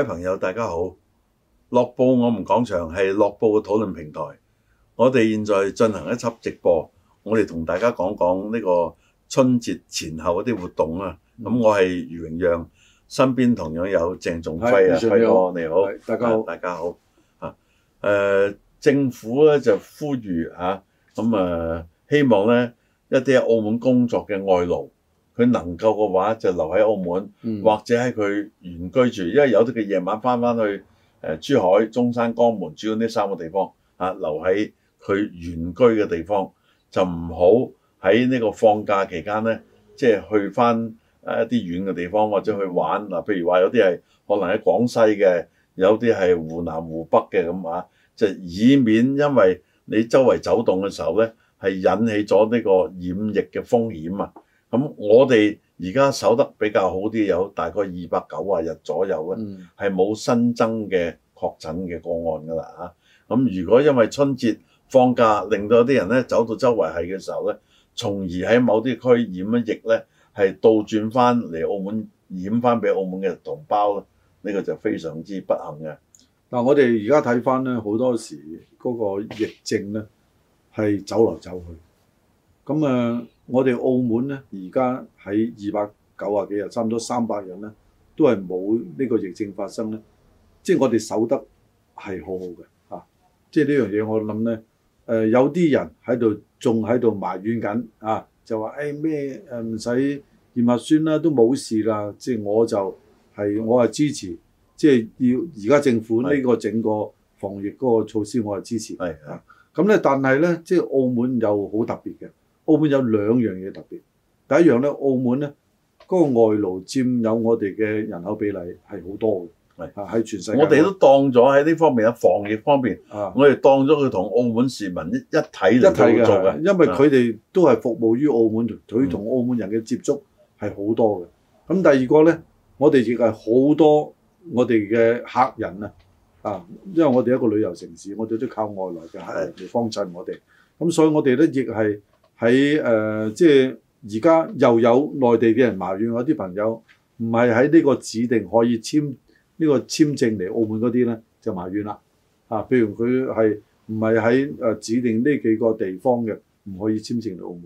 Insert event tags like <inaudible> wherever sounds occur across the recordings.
各位朋友，大家好！樂報我們講場係樂報嘅討論平台，我哋現在進行一輯直播，我哋同大家講講呢個春節前後一啲活動啊。咁、嗯、我係余榮讓，身邊同樣有鄭仲輝啊，輝哥你好，大家好，大家好嚇。誒、啊，政府咧就呼籲嚇、啊，咁啊希望咧一啲喺澳門工作嘅外勞。佢能夠嘅話就留喺澳門，嗯、或者喺佢原居住，因為有啲佢夜晚翻翻去誒珠海、中山、江門，主要呢三個地方啊，留喺佢原居嘅地方就唔好喺呢個放假期間呢，即係去翻一啲遠嘅地方或者去玩嗱。譬如話有啲係可能喺廣西嘅，有啲係湖南、湖北嘅咁啊，就以免因為你周圍走動嘅時候呢，係引起咗呢個染疫嘅風險啊！咁我哋而家守得比較好啲，有大概二百九啊日左右咧，係、嗯、冇新增嘅確診嘅個案㗎啦嚇。咁如果因為春節放假令到啲人咧走到周圍係嘅時候咧，從而喺某啲區染咗疫咧，係倒轉翻嚟澳門染翻俾澳門嘅同胞咧，呢、這個就非常之不幸嘅。但我哋而家睇翻咧，好多時嗰個疫症咧係走嚟走去，咁啊～我哋澳門咧，而家喺二百九啊幾日，差唔多三百人咧，都係冇呢個疫症發生咧，即係我哋守得係好好嘅吓。即係呢樣嘢，我諗咧，誒有啲人喺度仲喺度埋怨緊啊，就話誒咩唔使驗核酸啦，都冇事啦。即係我就係我係支持，即係要而家政府呢個整個防疫嗰個措施，我係支持。咁咧，啊，但係咧，即係澳門又好特別嘅。澳門有兩樣嘢特別，第一樣咧，澳門咧嗰、那個外勞佔有我哋嘅人口比例係好多嘅，係係全世界。我哋都當咗喺呢方面啊，防疫方面，啊、我哋當咗佢同澳門市民一體嚟做嘅，因為佢哋都係服務於澳門，佢同澳門人嘅接觸係好多嘅。咁、嗯、第二個咧，我哋亦係好多我哋嘅客人啊，啊，因為我哋一個旅遊城市，我哋都靠外來嘅客人嚟幫襯我哋，咁所以我哋咧亦係。喺誒、呃，即係而家又有內地嘅人埋怨，我啲朋友唔係喺呢個指定可以簽呢、呢個簽證嚟澳門嗰啲呢，就埋怨啦嚇、啊。譬如佢係唔係喺指定呢幾個地方嘅，唔可以簽證嚟澳門。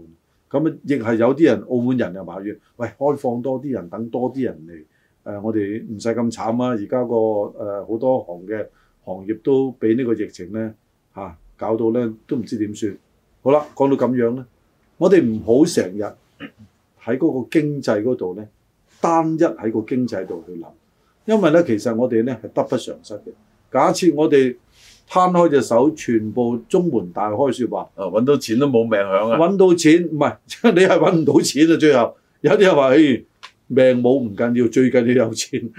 咁亦係有啲人澳門人又埋怨，喂，開放多啲人，等多啲人嚟誒、啊，我哋唔使咁慘啊！而家個誒好、呃、多行嘅行業都俾呢個疫情呢，嚇、啊、搞到呢都唔知點算。好啦，講到咁樣呢。我哋唔好成日喺嗰個經濟嗰度咧，單一喺個經濟度去諗，因為咧其實我哋咧係得不償失嘅。假設我哋攤開隻手，全部中門大開說話，啊，搵到錢都冇命享啊！搵到錢唔係，你係搵唔到錢啊！最後有啲人話，誒命冇唔緊要，最緊要有錢。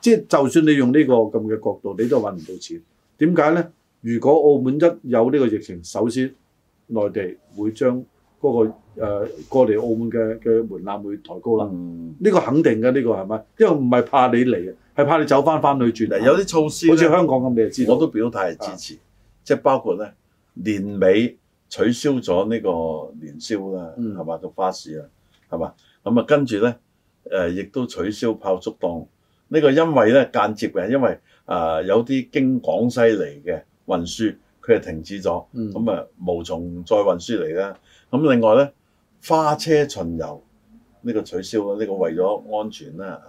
即係就算你用呢個咁嘅角度，你都搵唔到錢。點解咧？如果澳門一有呢個疫情，首先內地會將嗰、那個誒、呃、過嚟澳門嘅嘅門檻會抬高啦，呢、嗯這個肯定嘅，呢、這個係咪？因為唔係怕你嚟啊，係怕你走翻翻去轉嚟。有啲措施，好似香港咁，你就知我都表態支持，啊、即係包括咧年尾取消咗呢個年宵啦，係嘛個花市啊，係嘛咁啊，跟住咧誒亦都取消炮竹檔。呢、這個因為咧間接嘅，因為啊、呃、有啲經廣西嚟嘅運輸，佢係停止咗，咁、嗯、啊無從再運輸嚟啦。咁另外咧，花車巡遊呢、這個取消啦，呢、這個為咗安全啦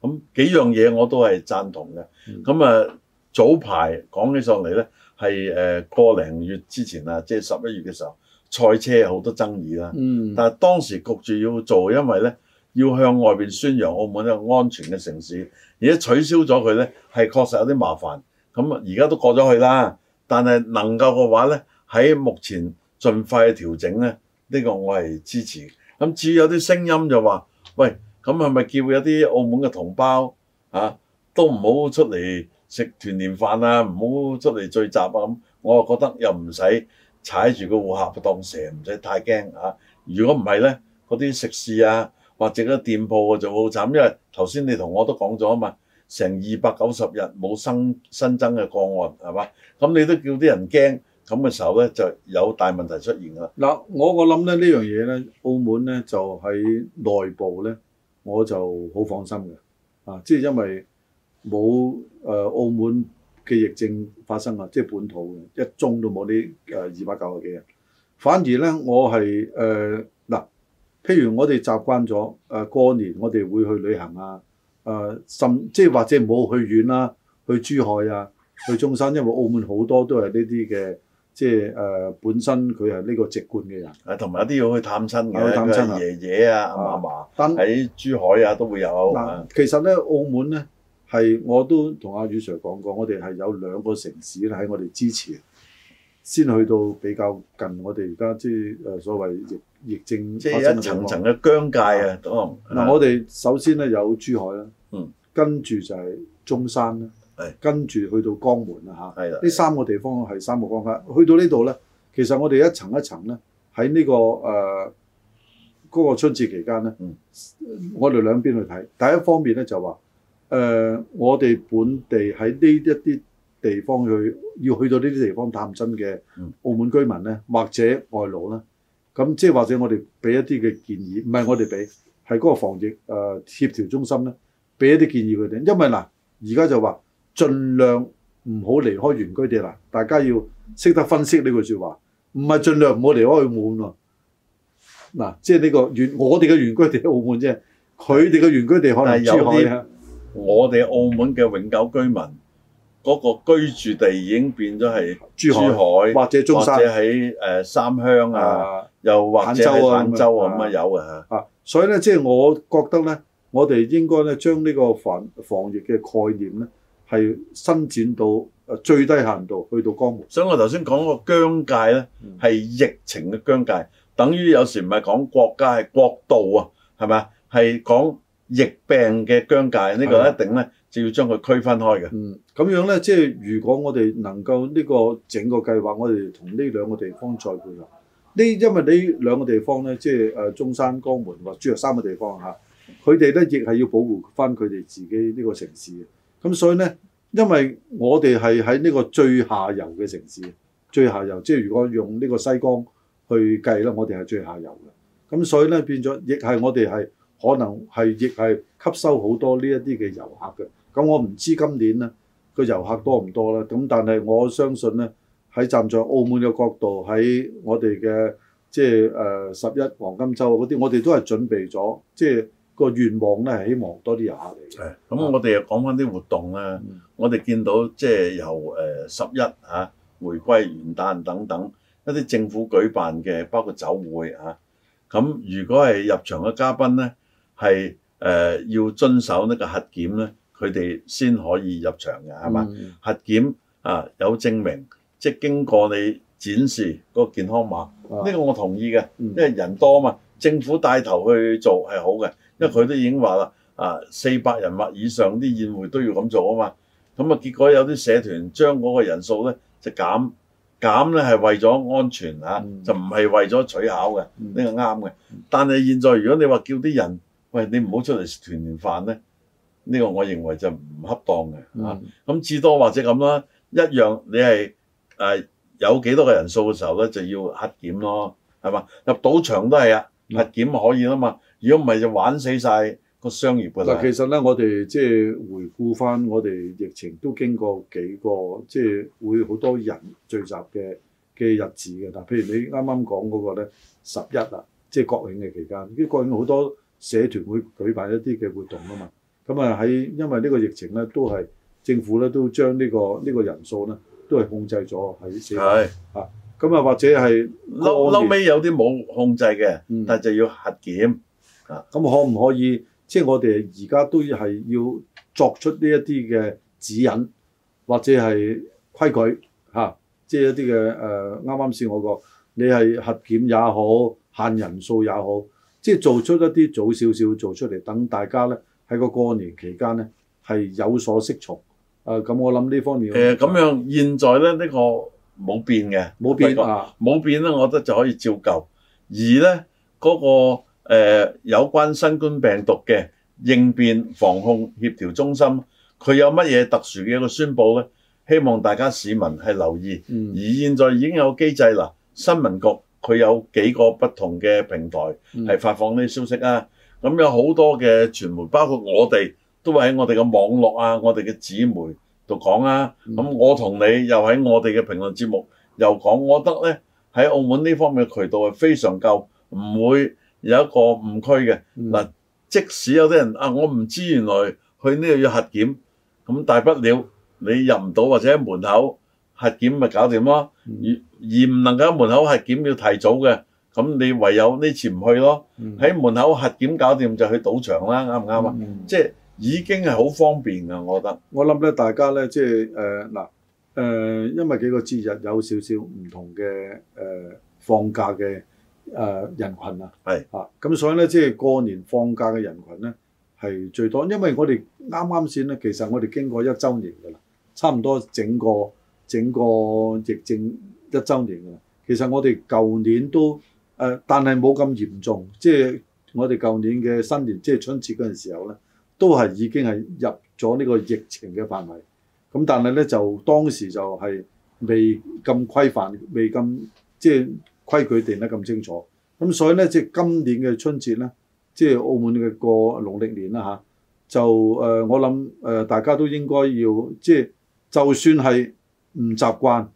嚇咁、啊、幾樣嘢我都係贊同嘅。咁、嗯、啊，早排講起上嚟咧，係誒、呃、過零月之前啊，即係十一月嘅時候，賽車好多爭議啦。嗯。但係當時焗住要做，因為咧要向外邊宣揚澳門一個安全嘅城市，而且取消咗佢咧係確實有啲麻煩。咁而家都過咗去啦，但係能夠嘅話咧，喺目前盡快嘅調整咧。呢、這個我係支持。咁至於有啲聲音就話，喂，咁係咪叫有啲澳門嘅同胞啊都唔好出嚟食團年飯啊，唔好出嚟、啊、聚集啊？咁我又覺得又唔使踩住個烏合當蛇，唔使太驚嚇。如果唔係呢，嗰啲食肆啊，或者啲店鋪就好慘，因為頭先你同我都講咗啊嘛，成二百九十日冇新新增嘅個案，係嘛？咁你都叫啲人驚？咁嘅時候咧，就有大問題出現啦。嗱，我我諗咧呢樣嘢咧，澳門咧就喺內部咧，我就好放心嘅。啊，即係因為冇誒、呃、澳門嘅疫症發生啊，即係本土嘅一宗都冇呢二百九十幾人。反而咧，我係嗱、呃，譬如我哋習慣咗誒過年我哋會去旅行啊，誒、啊、甚即係或者冇去遠啦、啊，去珠海啊，去中山，因為澳門好多都係呢啲嘅。即係誒、呃、本身佢係呢個籍貫嘅人，同埋一啲要去探親探親嘅、啊、爺爺啊、阿、啊、嫲，喺珠海啊都會有。啊、其實咧，澳門咧係我都同阿宇 Sir 講過，我哋係有兩個城市咧喺我哋之前先去到比較近我哋而家即係所謂疫疫症，即係一層層嘅疆界啊。嗱、啊啊啊啊嗯，我哋首先咧有珠海啦，嗯，跟住就係中山啦。係跟住去到江門啦嚇，係啦，呢三個地方係三個方法。去到這裏呢度咧，其實我哋一層一層咧，喺呢、這個誒嗰、呃那個春節期間咧，嗯、我哋兩邊去睇第一方面咧就話誒、呃，我哋本地喺呢一啲地方去要去到呢啲地方探親嘅澳門居民咧、嗯、或者外勞啦，咁即係或者我哋俾一啲嘅建議，唔係我哋俾係嗰個防疫誒協調中心咧俾一啲建議佢哋，因為嗱而家就話。儘量唔好離開原居地啦，大家要識得分析呢句説話，唔係儘量唔好離開澳門嗱，即係呢個原我哋嘅原居地喺、啊呢個、澳門啫，佢哋嘅原居地可能係有啲我哋澳門嘅永久居民嗰、嗰個居住地已經變咗係珠海，或者中山，或者喺誒三鄉啊，啊又或者喺廣、啊、州啊咁啊有啊嚇、啊。所以咧，即係我覺得咧，我哋應該咧將呢個防防疫嘅概念咧。係伸展到啊最低限度去到江門。所以我頭先講個疆界咧，係疫情嘅疆界，嗯、等於有時唔係講國家係國度啊，係咪啊？係講疫病嘅疆界，呢、嗯這個一定咧就要將佢區分開嘅。嗯，咁、嗯、樣咧，即係如果我哋能夠呢個整個計劃，我哋同呢兩個地方再配合，呢因為呢兩個地方咧，即係誒中山、江門或珠海三個地方嚇，佢哋咧亦係要保護翻佢哋自己呢個城市。咁所以呢，因為我哋係喺呢個最下游嘅城市，最下游，即係如果用呢個西江去計啦，我哋係最下游嘅。咁所以呢，變咗亦係我哋係可能係亦係吸收好多呢一啲嘅遊客嘅。咁我唔知今年呢個遊客多唔多啦。咁但係我相信呢，喺站在澳門嘅角度，喺我哋嘅即係誒、呃、十一黃金週嗰啲，我哋都係準備咗即係個願望咧係希望多啲遊客嚟嘅。咁、嗯、我哋又講翻啲活動啦、啊嗯。我哋見到即係由十一、啊、回歸、元旦等等一啲政府舉辦嘅，包括酒會咁、啊嗯、如果係入場嘅嘉賓咧，係、呃、要遵守呢個核檢咧，佢哋先可以入場嘅，嘛、嗯？核檢啊，有證明，即係經過你展示個健康碼。呢、嗯這個我同意嘅，因為人多啊嘛，政府帶頭去做係好嘅。因為佢都已經話啦，啊四百人或以上啲宴會都要咁做啊嘛。咁啊，結果有啲社團將嗰個人數咧就減減咧係為咗安全嚇、啊嗯，就唔係為咗取巧嘅呢、嗯這個啱嘅。但係現在如果你話叫啲人喂，你唔好出嚟食團年飯咧，呢、這個我認為就唔恰當嘅嚇。咁、嗯啊、至多或者咁啦，一樣你係誒、啊、有幾多個人數嘅時候咧就要核檢咯，係嘛？入賭場都係啊，核檢可以啊嘛。如果唔係就玩死晒個商業嘅啦。嗱，其實咧，我哋即係回顧翻我哋疫情都經過幾個即係、就是、會好多人聚集嘅嘅日子嘅。嗱，譬如你啱啱講嗰個咧十一啊，即係國慶嘅期間，啲國慶好多社團會舉辦一啲嘅活動啊嘛。咁啊喺因為呢個疫情咧，都係政府咧都將呢、這個呢、這個人數咧都係控制咗喺社會。係啊。咁啊，或者係嬲嬲尾有啲冇控制嘅、嗯，但就要核檢。咁、啊、可唔可以？即、就、係、是、我哋而家都係要作出呢一啲嘅指引，或者係規矩吓，即、啊、係、就是、一啲嘅誒。啱啱先我講，你係核檢也好，限人數也好，即、就、係、是、做出一啲早少少做出嚟，等大家咧喺個過年期間咧係有所適從。啊！咁我諗呢方面誒咁樣，現在咧呢、這個冇變嘅，冇變啊，冇變咧，我覺得就可以照舊。而咧嗰、那個。誒、呃、有關新冠病毒嘅應變防控協調中心，佢有乜嘢特殊嘅一個宣佈呢？希望大家市民係留意、嗯。而現在已經有機制啦，新聞局佢有幾個不同嘅平台係發放呢消息啊。咁、嗯嗯、有好多嘅傳媒，包括我哋都喺我哋嘅網絡啊，我哋嘅紙媒度講啊。咁、嗯、我同你又喺我哋嘅評論節目又講，我覺得呢，喺澳門呢方面嘅渠道係非常夠，唔會。有一個誤區嘅嗱，即使有啲人啊，我唔知原來去呢度要核檢，咁大不了你入唔到或者喺門口核檢咪搞掂咯。而而唔能夠喺門口核檢要提早嘅，咁你唯有呢次唔去咯。喺門口核檢搞掂就去賭場啦，啱唔啱啊？即、嗯、係、就是、已經係好方便㗎。我覺得。我諗咧，大家咧即係誒嗱誒，因為幾個節日有少少唔同嘅誒、呃、放假嘅。誒、呃、人群啊，咁、啊、所以咧，即、就、係、是、過年放假嘅人群咧係最多，因為我哋啱啱先咧，其實我哋經過一週年噶啦，差唔多整個整個疫症一週年噶啦。其實我哋舊年都誒、呃，但係冇咁嚴重，即、就、係、是、我哋舊年嘅新年即係、就是、春節嗰陣時候咧，都係已經係入咗呢個疫情嘅範圍。咁但係咧，就當時就係未咁規範，未咁即係。就是規矩定得咁清楚，咁所以呢，即係今年嘅春節呢，即係澳門嘅過農曆年啦吓，就誒我諗誒大家都應該要即係，就算係唔習慣，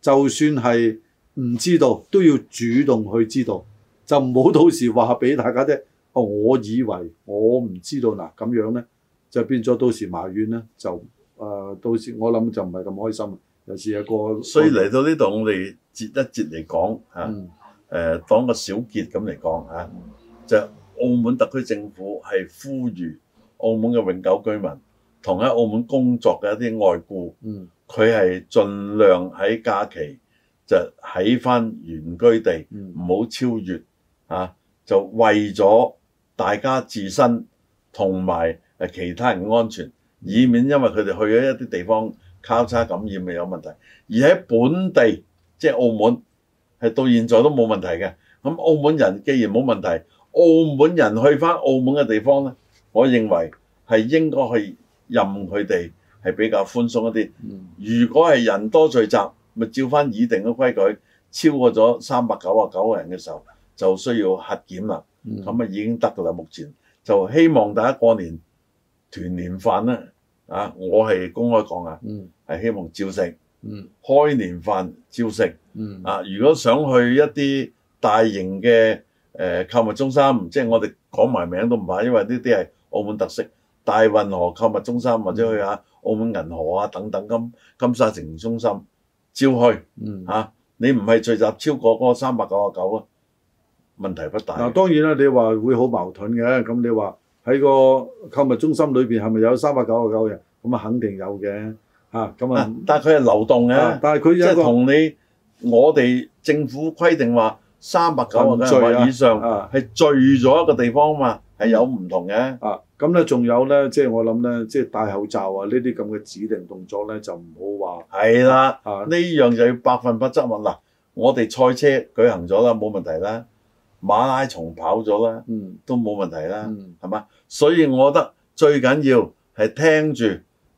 就算係唔知道，都要主動去知道，就唔好到時話俾大家聽。哦，我以為我唔知道嗱咁樣呢，就變咗到時埋怨呢，就誒到時我諗就唔係咁開心。有時啊，個所以嚟到呢度，我哋截一截嚟講嚇，誒、嗯啊、當個小結咁嚟講嚇，就是、澳門特區政府係呼籲澳門嘅永久居民同喺澳門工作嘅一啲外僱，佢、嗯、係盡量喺假期就喺返原居地，唔好超越、嗯、啊就為咗大家自身同埋其他人嘅安全，以免因為佢哋去咗一啲地方。交叉感染咪有問題，而喺本地即係澳門，係到現在都冇問題嘅。咁澳門人既然冇問題，澳門人去翻澳門嘅地方呢，我認為係應該去任佢哋係比較寬鬆一啲。嗯、如果係人多聚集，咪照翻已定嘅規矩，超過咗三百九啊九個人嘅時候，就需要核檢啦。咁、嗯、啊已經得㗎啦，目前就希望大家過年團年飯啦，啊，我係公開講啊。嗯係希望照食，嗯，開年飯照食，嗯啊！如果想去一啲大型嘅誒購物中心，唔即係我哋講埋名都唔怕，因為呢啲係澳門特色，大運河購物中心或者去下澳門銀河啊等等，金金沙城中心照去，嗯啊！你唔係聚集超過嗰三百九十九啊，問題不大。嗱，當然啦，你話會好矛盾嘅，咁你話喺個購物中心裏邊係咪有三百九十九人？咁啊，肯定有嘅。啊，咁啊，但佢係流動嘅，即係同你我哋政府規定話三百九十公眾以上係聚咗一個地方嘛，係有唔同嘅啊。咁咧仲有咧，即、啊、係、啊就是、我諗咧，即、就、係、是、戴口罩啊呢啲咁嘅指定動作咧，就唔好話係啦。呢、啊、樣就要百分百質問啦我哋賽車舉行咗啦，冇問題啦。馬拉松跑咗、嗯、啦，嗯，都冇問題啦，係嘛？所以我覺得最緊要係聽住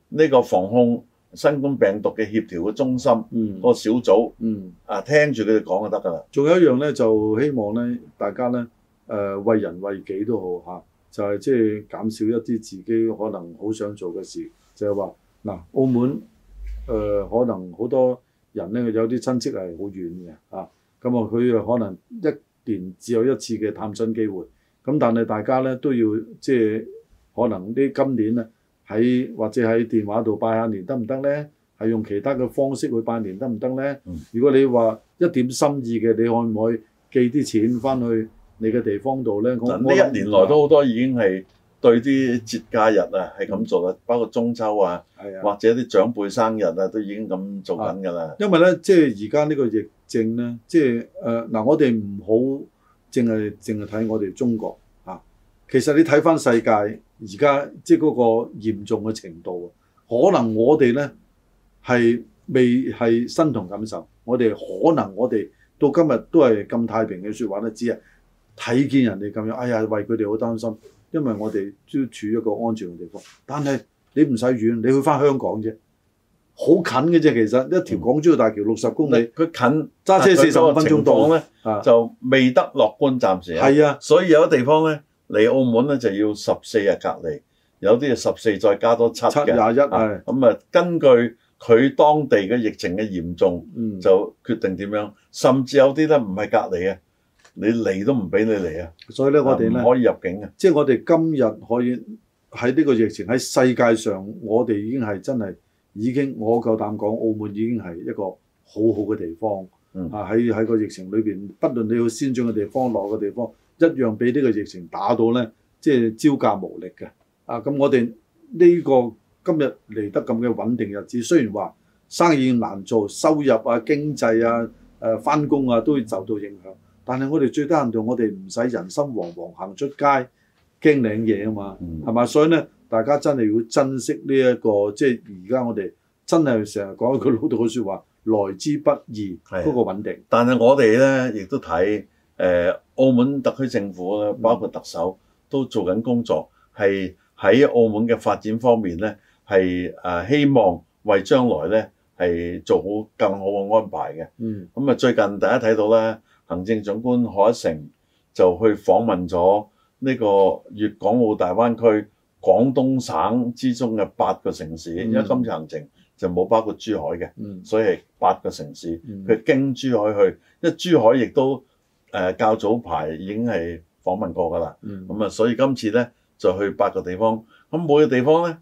呢個防控。新冠病毒嘅協調嘅中心，嗰、嗯那個小組、嗯、啊，聽住佢哋講就得㗎啦。仲有一樣呢，就希望呢大家呢誒、呃、為人為己都好嚇、啊，就係即係減少一啲自己可能好想做嘅事，就係話嗱，澳門誒、呃、可能好多人呢，有啲親戚係好遠嘅嚇，咁啊佢可能一年只有一次嘅探親機會，咁但係大家呢，都要即係可能啲今年呢喺或者喺電話度拜下年得唔得咧？係用其他嘅方式去拜年得唔得咧？如果你話一點心意嘅，你可唔可以寄啲錢翻去你嘅地方度咧？咁、嗯、呢一年來都好多已經係對啲節假日啊，係、嗯、咁做啦，包括中秋啊，係啊或者啲長輩生日啊，都已經咁做緊㗎啦。因為咧，即係而家呢個疫症咧，即係誒嗱，我哋唔好淨係淨係睇我哋中國。其實你睇翻世界而家即嗰個嚴重嘅程度，可能我哋咧係未係身同感受，我哋可能我哋到今日都係咁太平嘅説話都知啊，睇見人哋咁樣，哎呀為佢哋好擔心，因為我哋都處於一個安全嘅地方。但係你唔使遠，你去翻香港啫，好近嘅啫。其實一條港珠澳大橋六十公里，佢、嗯、近揸車四十五分鐘到咧、啊，就未得樂觀暫時。係啊，所以有啲地方咧。嚟澳門咧就要十四日隔離，有啲啊十四再加多七嘅，七廿一啊。咁啊，根據佢當地嘅疫情嘅嚴重、嗯，就決定點樣。甚至有啲咧唔係隔離嘅，你嚟都唔俾你嚟啊、嗯。所以咧，我哋咧唔可以入境嘅。即係我哋今日可以喺呢個疫情喺世界上，我哋已經係真係已經，我夠膽講，澳門已經係一個好好嘅地方。嗯、啊喺喺個疫情裏邊，不論你要先進嘅地方，落嘅地方。一樣俾呢個疫情打到咧，即、就、係、是、招架無力嘅。啊，咁我哋呢、這個今日嚟得咁嘅穩定日子，雖然話生意難做、收入啊、經濟啊、誒翻工啊，啊都會受到影響，但係我哋最低限度，我哋唔使人心惶惶行出街，驚領嘢啊嘛，係、嗯、嘛？所以咧，大家真係要珍惜呢、這個就是、一個，即係而家我哋真係成日講一句老道嘅說話，來之不易嗰、那個穩定。但係我哋咧，亦都睇誒。呃澳門特區政府咧，包括特首、嗯、都做緊工作，係喺澳門嘅發展方面咧，係誒希望為將來咧係做好更好嘅安排嘅。嗯，咁啊最近大家睇到咧，行政長官賀一誠就去訪問咗呢個粵港澳大灣區廣東省之中嘅八個城市。因為今次行程就冇包括珠海嘅、嗯，所以係八個城市，佢、嗯、經珠海去，因為珠海亦都，誒、呃、較早排已經係訪問過㗎啦，咁、嗯、啊，所以今次咧就去八個地方，咁每個地方咧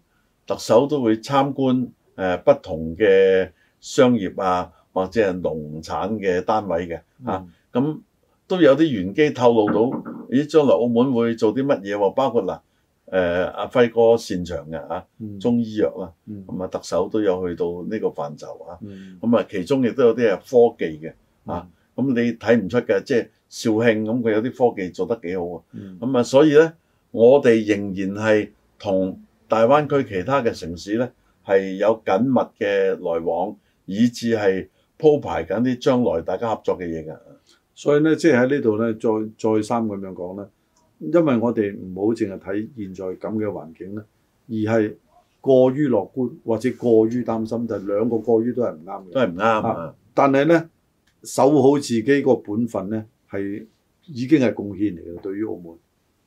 特首都會參觀誒、呃、不同嘅商業啊或者係農產嘅單位嘅嚇，咁、嗯啊、都有啲玄機透露到，咦，將來澳門會做啲乜嘢？包括嗱誒阿輝哥擅長嘅嚇、啊嗯、中醫藥啊，咁、嗯、啊特首都有去到呢個範疇啊，咁、嗯、啊其中亦都有啲係科技嘅嚇，咁、嗯啊、你睇唔出嘅即係。就是肇慶，咁佢有啲科技做得幾好啊，咁、嗯、啊所以呢，我哋仍然係同大灣區其他嘅城市呢，係有緊密嘅來往，以至係鋪排緊啲將來大家合作嘅嘢㗎。所以呢，即係喺呢度呢，再再三咁樣講呢，因為我哋唔好淨係睇現在咁嘅環境呢，而係過於樂觀或者過於擔心，就係、兩個過於都係唔啱嘅。都係唔啱。但係呢，守好自己個本分呢。係已經係貢獻嚟嘅，對於澳門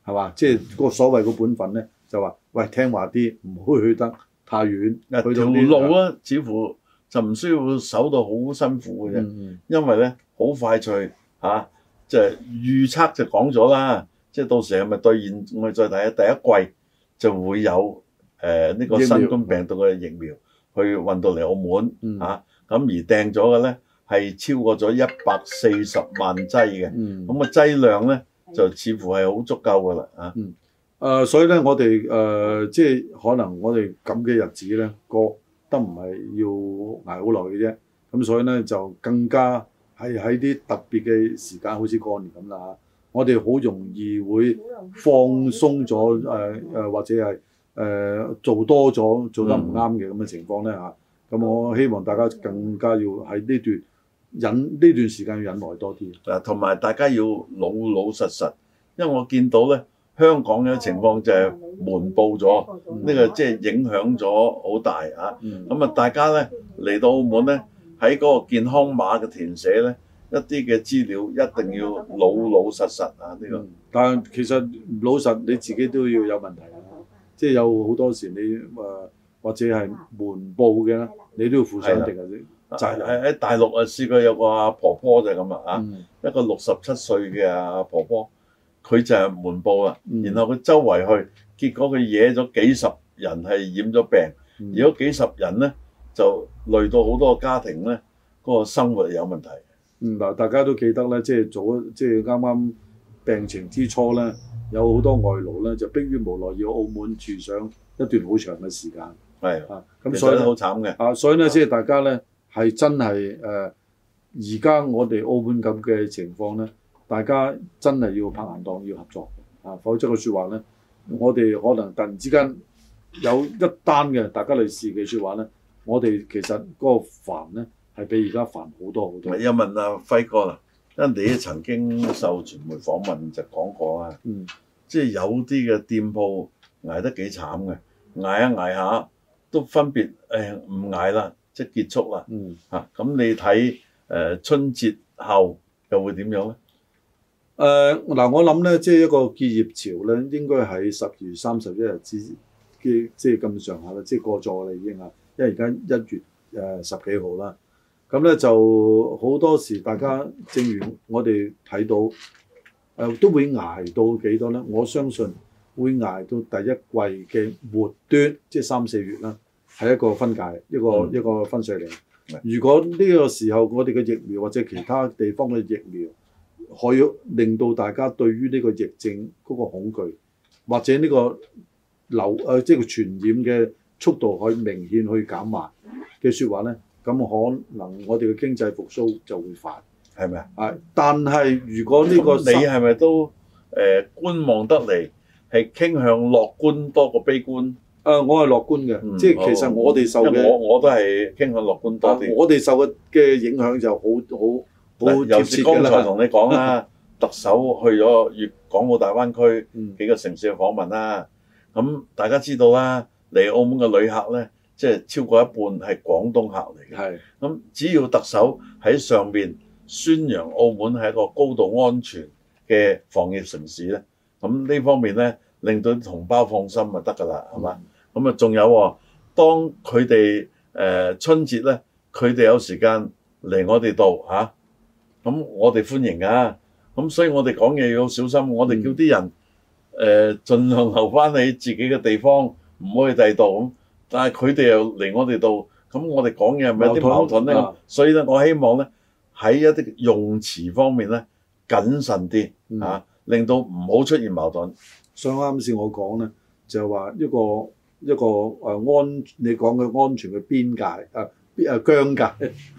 係嘛？吧嗯、即係個所謂嘅本分咧，就話喂聽話啲，唔好去得太遠。嗱條、啊、路啊，似乎就唔需要守到好辛苦嘅啫、嗯，因為咧好快脆嚇，即係預測就講咗啦。即、啊、係、就是、到時係咪兌現我哋再睇下，第一季就會有誒呢、呃這個新冠病毒嘅疫苗去運到嚟澳門嚇咁、啊嗯啊、而訂咗嘅咧？係超過咗一百四十萬劑嘅，咁、嗯、啊劑量咧就似乎係好足夠噶啦嚇。誒、所以咧我哋誒、呃、即係可能我哋咁嘅日子咧過得唔係要捱好耐嘅啫。咁所以咧就更加喺喺啲特別嘅時間，好似過年咁啦嚇。我哋好容易會放鬆咗誒或者係誒、呃、做多咗做得唔啱嘅咁嘅情況咧嚇。咁、嗯啊、我希望大家更加要喺呢段，忍呢段時間要忍耐多啲啊！同埋大家要老老實實，因為我見到咧香港嘅情況就係瞞報咗，呢、嗯這個即係影響咗好大啊！咁、嗯、啊，大家咧嚟到澳門咧，喺嗰個健康碼嘅填寫咧，一啲嘅資料一定要老老實實啊！呢、嗯、個，但係其實唔老實你自己都要有問題，即、就、係、是、有好多時你誒或者係瞞報嘅，你都要負上一定。喺喺大陸啊，試過有個阿婆婆就係咁啊，啊、嗯、一個六十七歲嘅阿婆婆，佢、嗯、就係瞞報啊，然後佢周圍去，結果佢惹咗幾十人係染咗病，而、嗯、嗰幾十人咧就累到好多家庭咧，嗰、那個生活有問題。嗯，嗱大家都記得咧，即、就、係、是、早即係啱啱病情之初咧，有好多外勞咧就迫於無奈要澳門住上一段好長嘅時間。係啊，咁所以都好慘嘅啊，所以咧即係大家咧。係真係誒，而、呃、家我哋澳門咁嘅情況咧，大家真係要拍硬檔，要合作啊！否則嘅説話咧，我哋可能突然之間有一單嘅，大家嚟試嘅説話咧，我哋其實嗰個煩咧係比而家煩好多好多。又問阿、啊、輝哥啦、啊，因你曾經受傳媒訪問就講過啊，嗯，即係有啲嘅店鋪捱得幾慘嘅，捱一捱下都分別誒唔、哎、捱啦。即係結束啦，嚇、嗯！咁、啊、你睇誒、呃、春節後又會點樣咧？誒、呃、嗱、呃，我諗咧，即、就、係、是、一個結業潮咧，應該喺十二月三十一日之嘅，即係咁上下啦，即、就、係、是、過咗啦已經啊，因為而家一月誒十幾號啦，咁、呃、咧就好多時大家正如我哋睇到誒、呃，都會捱到幾多咧？我相信會捱到第一季嘅末端，即係三四月啦。係一個分界，一個、嗯、一個分水嶺。如果呢個時候我哋嘅疫苗或者其他地方嘅疫苗可以令到大家對於呢個疫症嗰個恐懼，或者呢個流誒即係傳染嘅速度可以明顯去減慢嘅説話咧，咁可能我哋嘅經濟復甦就會快，係咪啊？係！但係如果呢個你係咪都誒、呃、觀望得嚟，係傾向樂觀多過悲觀？誒，我係樂觀嘅，即、嗯、係其實我哋受嘅，我都係傾向樂觀多啲、啊。我哋受嘅嘅影響就好好好有節。剛才同、嗯、你講啦， <laughs> 特首去咗粵港澳大灣區、嗯、幾個城市嘅訪問啦。咁、嗯、大家知道啦，嚟澳門嘅旅客咧，即係超過一半係廣東客嚟嘅。係咁，只要特首喺上邊宣揚澳門係一個高度安全嘅防疫城市咧，咁呢方面咧令到同胞放心就得㗎啦，係、嗯、嘛？咁啊，仲有喎，當佢哋誒春節咧，佢哋有時間嚟我哋度嚇，咁、啊、我哋歡迎噶、啊，咁、啊、所以我哋講嘢要小心，我哋叫啲人誒，儘、啊、量留翻喺自己嘅地方，唔可以第度咁。但係佢哋又嚟我哋度，咁我哋講嘢係咪有啲矛盾咧、啊？所以咧，我希望咧喺一啲用詞方面咧謹慎啲嚇、啊嗯，令到唔好出現矛盾。所以啱先我講咧，就係話一個。一個誒、啊、安，你講嘅安全嘅邊界啊，邊啊疆界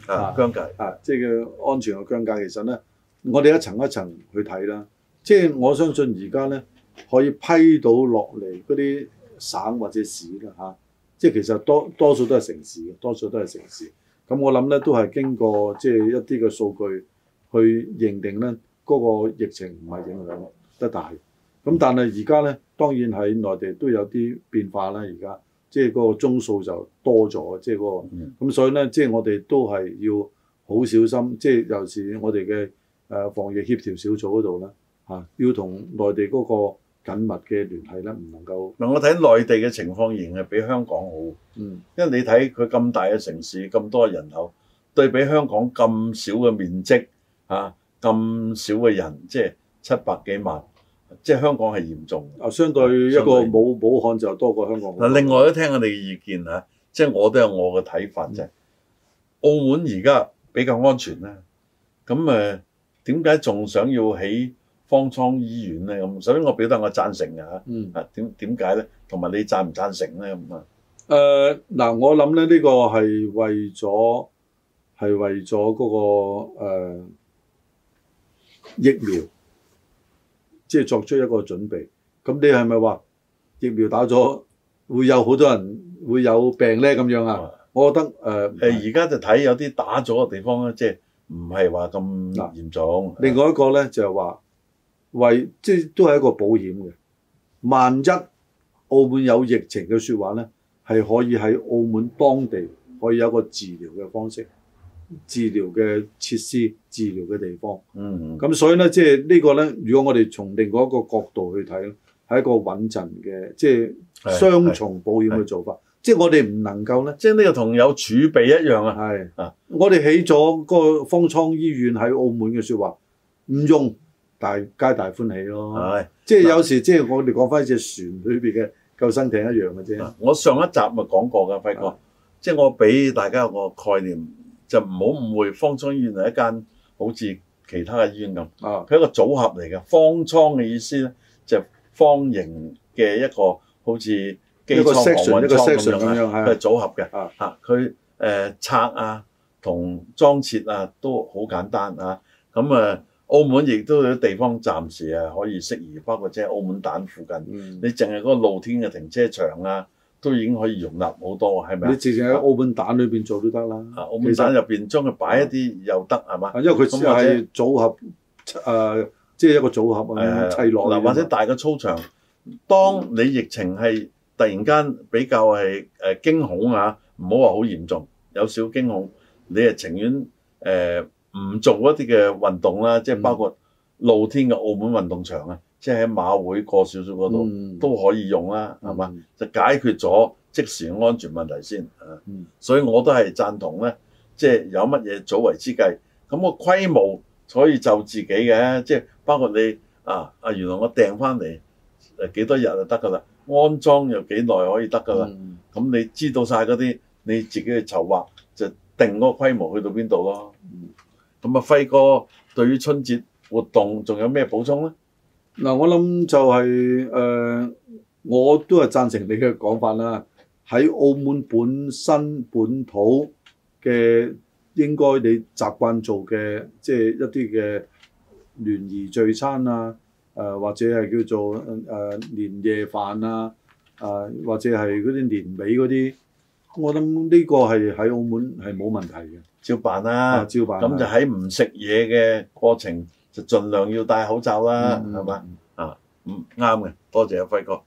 啊，疆界啊，即係嘅安全嘅疆界。其實咧，我哋一層一層去睇啦。即、就、係、是、我相信而家咧可以批到落嚟嗰啲省或者市啦嚇、啊。即係其實多多數都係城市，多數都係城市。咁我諗咧都係經過即係、就是、一啲嘅數據去認定咧，嗰、那個疫情唔係影響得大。 <laughs> 咁但係而家咧，當然喺內地都有啲變化啦。而家即係嗰個宗數就多咗，即係嗰個咁，所以咧即係我哋都係要好小心。即係尤其是我哋嘅誒防疫協調小組嗰度咧嚇，要同內地嗰個緊密嘅聯繫咧，唔能夠。嗱，我睇內地嘅情況仍然係比香港好，嗯、因為你睇佢咁大嘅城市，咁多人口，對比香港咁少嘅面積嚇，咁少嘅人，即係七百幾萬。即係香港係嚴重啊相對一個冇武，武漢就多過香港。嗱，另外都聽下你嘅意見嚇，即係我都有我嘅睇法、嗯、就係、是，澳門而家比較安全呢咁誒，點解仲想要起方艙醫院咧？咁首先我表達我贊成嘅嚇，嗯啊點點解咧？同埋你贊唔贊成咧？咁、呃、啊？嗱、呃，我諗咧呢、呢個係為咗係為咗嗰、嗰個、呃、疫苗。即係作出一個準備，咁你係咪話疫苗打咗會有好多人會有病呢？咁樣啊？我覺得誒，係而家就睇有啲打咗嘅地方咧，即係唔係話咁嚴重。另外一個咧就係話為即係都係一個保險嘅，萬一澳門有疫情嘅說話咧，係可以喺澳門當地可以有個治療嘅方式。治療嘅設施、治療嘅地方，咁、嗯、所以咧，即係呢個咧，如果我哋從另外一個角度去睇咧，係一個穩陣嘅，即係雙重保險嘅做法。即係我哋唔能夠咧，即係呢個同有儲備一樣啊。係、啊，我哋起咗個方艙醫院喺澳門嘅説話，唔用，但係皆大歡喜咯、啊。係，即係有時即係我哋講翻隻船裏邊嘅救生艇一樣嘅、啊、啫、啊。我上一集咪講過㗎，輝哥，即係我俾大家個概念。就唔好誤會，方艙醫院係一間好似其他嘅醫院咁，佢、啊、係一個組合嚟嘅。方艙嘅意思咧，就方形嘅一個好似機艙、航母艙咁樣啊，佢係組合嘅。嚇，佢、呃、誒拆啊同裝設啊都好簡單啊。咁啊，澳門亦都有地方暫時啊可以適宜，包括即係澳門蛋附近，嗯、你淨係嗰個露天嘅停車場啊。都已經可以容納好多，係咪？你直接喺澳門蛋裏邊做都得啦、啊。澳門蛋入邊將佢擺一啲又得係嘛？因為佢只係組合，誒、啊，即、啊、係、就是、一個組合啊，砌落嗱、啊，或者大嘅操場、嗯。當你疫情係突然間比較係誒驚恐啊，唔好話好嚴重，有少驚恐，你係情願誒唔、呃、做一啲嘅運動啦，即係包括露天嘅澳門運動場啊。即係喺馬會過少少嗰度都可以用啦，係嘛、嗯？就解決咗即時安全問題先。啊、嗯，所以我都係贊同咧，即係有乜嘢早為之計。咁個規模可以就自己嘅，即係包括你啊啊，原來我訂翻嚟誒幾多日就得噶啦，安裝又幾耐可以得噶啦。咁、嗯、你知道晒嗰啲，你自己去籌劃就定個規模去到邊度咯。咁、嗯、啊，輝哥對於春節活動仲有咩補充咧？嗱、就是，我諗就係誒，我都係贊成你嘅講法啦。喺澳門本身本土嘅，應該你習慣做嘅，即、就、係、是、一啲嘅聯誼聚餐啊，誒、呃、或者係叫做誒、呃、年夜飯啊，啊或者係嗰啲年尾嗰啲，我諗呢個係喺澳門係冇問題嘅，照辦啦。照辦。咁就喺唔食嘢嘅過程。盡量要戴口罩啦，嗯嗯，係嘛？啊、嗯，咁啱嘅，多謝阿輝哥。